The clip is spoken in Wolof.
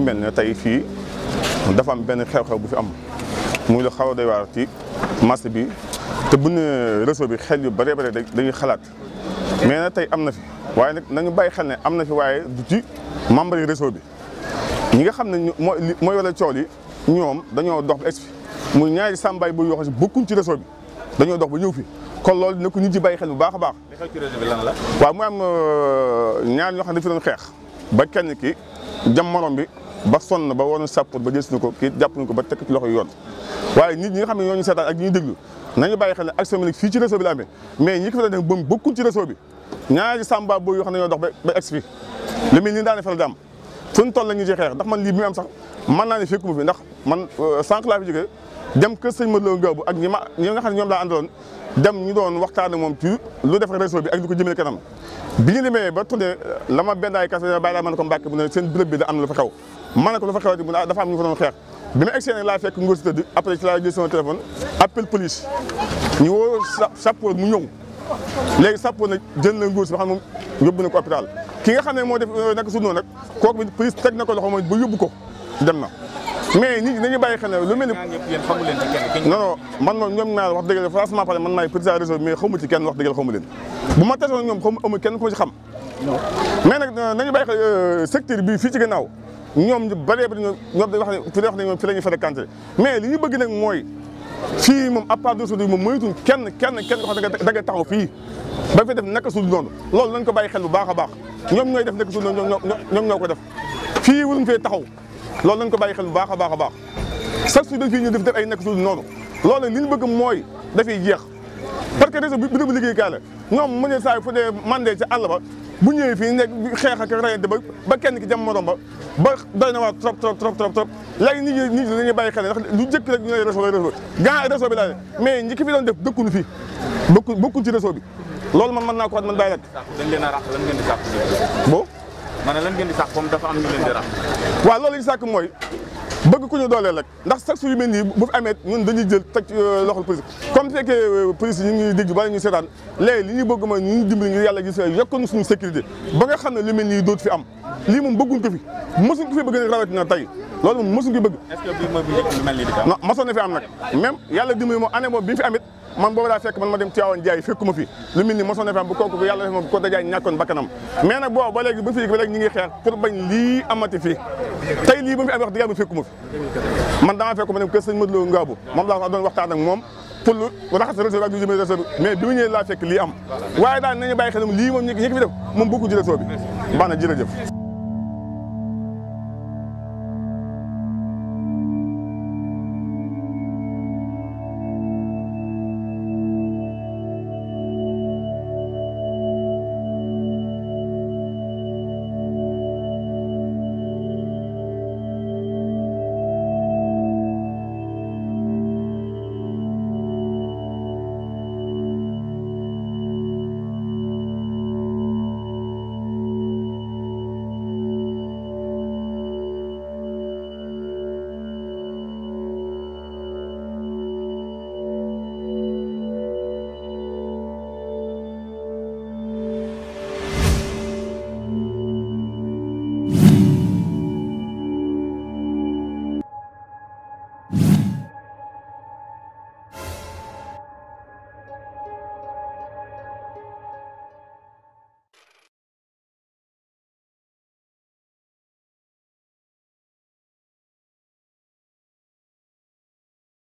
mel ne tey fii dafa am benn xew bu fi am muy lu xaw a doy waar ci marché bi te bu ne bi xel yu bëree bëri dañuy xalaat mais nag tey am na fi waaye nag nañu bàyyi xel ne am na fi waaye du ci membre yi bi ñi nga xam ne mooy mooy wala coow yi ñoom dañoo dox ba muy ñaari sàmbaay bu yoo bokkuñ ci réseau bi dañoo dox ñëw fi kon loolu nekku ñu nit yi bàyyi xel bu baax a baax. li la. waaw mu am euh, ñaar ñoo xam ne fi doon xeex ba kenn ki jam morom bi. ba sonn ba waroon sàppoon ba jël ko kii jàpp nañ ko ba tekk ci loxo yi yoon waaye nit ñi nga xam ne ñoo ñu seetaan ak ñuy déglu nañu bàyyi xel ne action bi fii ci réseau bi la amee mais ñi ko fa def ba bokkul ci réseau bi ñaari samba boobu yoo xam ne ñoo ba ba egg fi li muy nii daam fuñ toll la ñu ci xeex ndax man lii bi mu am sax man naa ne fekkuma fi ndax man euh, sànq laa fi jógee dem kër sëñ Modou Lo Ngabou ak ñi ma ñi nga xam ne ñoom laa àndaloon dem ñu doon waxtaan ak moom ci lu def réseau bi ak lu ko jëmale kanam bi ñu demee ba tuddee euh, la ma benn ay kase bàyyi laa mën ko mbàkk bu ne seen bërëb bi da am na lu fa xew ma ne ko lu fa xew di mu ne ah, dafa am ñu fa doon xeex bi ma egsee nag laa fekk ngóor si tëdd après laa jël sama téléphone appel police ñu ñëw léegi sappoor nag jël na ngóor xam moom yóbbu na ko ki nga xam ne moo def euh, nag su noonu nag kooku bi police teg na ko loxo mooy ba yóbbu ko dem na mais nit ñi bàyyi xel lu mel ni non non man moom ñoom naa wax dëgg franchement parlé man maay président réseau mais xamu ci kenn wax dëgg xamu leen bu ma tesoon ñoom xamu amul kenn ku ma xam mais nag euh, nañu bàyyi euh, secteur bi fii ci gannaaw ñoom ñu bëree bëri ñoom dañuy wax ne fi lay wax ne ñoom fi mais li ñu bëgg nag mooy fii moom à part d'aujourd'hui moom moytuñ kenn kenn kenn koo xam ne da nga taxaw fii ba fi def naka suul noonu loolu lañ ko bay xel bu baax a baax ñoom ñooy def naka suul noonu ko def fii taxaw loolu lañ ko bàyyi xel bu baax a baax a baax chaque jour dañ fii ñu def def ay naka suul noonu loolu nag li bëgg mooy dafay jeex parce que réseau bi bu dee liggéeykaay la ñoom mu ne saa fu ne mandé ci àll ba bu ñëwee fii nekk xeex ak rayante ba kenn ki jam morom ba ba doy na waar trop trop trop trop trop léegi nit ñi nit ñi dañuy bàyyi xel lu jëkk rek ñu lay réseau lay réseau gaa bi laa mais ñi ki fi doon def dëkkuñu fii bokku bokkuñ ci réseau bi loolu man mën naa ko wax man bàyyi rek dañ leen a rax lan ngeen di bo ma ne lan ngeen di sàkk moom dafa am ñu leen di rax waaw loolu mooy bëgg ku ñu doole rek ndax sax su mel nii fi amee ñun dañuy jël teg euh, loxol police comme fekkee euh, police yi ñu ngi dégg bala ñu seetaan léegi li ñu bëgg ma ñu dimbali ngir yàlla gis euh, yokkoon suñu sécurité ba nga xam ne lu mel nii dootu fi am lii moom bëgguñ ko fi mosuñ ko fi bëgg nag rawatina tey loolu moom mosuñ ko bëgg. est-ce am. na fi am nag même yàlla dimbali moom année moo bi ñu fi amit man boobu daa fekk man ma dem Tivaouane jaay fekkuma fi lu mel ni mosoon fi am bu kooku yàlla def moom bu ko dajaay ñàkkoon bakkanam mais nag boobu ba léegi ba fi ba léegi ñu xeex pour bañ lii amati fi tey lii ba fi am wax dëgg yàlla man damaa fekk ma dem kër sëñ Modou Lo Ngabou moom laa doon waxtaan ak moom pour raxas réseau bi ak lu jëmee réseau bi mais bi mu ñëwee laa fekk lii am waaye daal nañu bàyyi xelam lii moom ñi ki fi def moom bokku